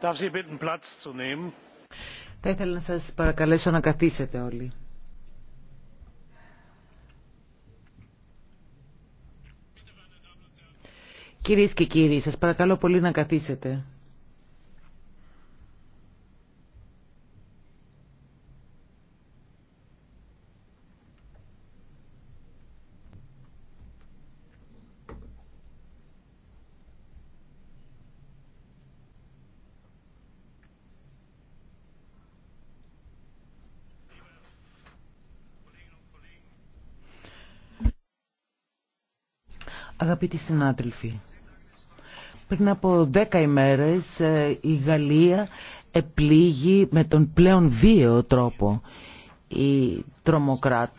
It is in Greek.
Θα ήθελα να σας παρακαλέσω να καθίσετε όλοι. Κυρίες και κύριοι, σας παρακαλώ πολύ να καθίσετε. Αγαπητοί συνάδελφοι, πριν από δέκα ημέρες ε, η Γαλλία επλήγει με τον πλέον βίαιο τρόπο. Οι τρομοκράτες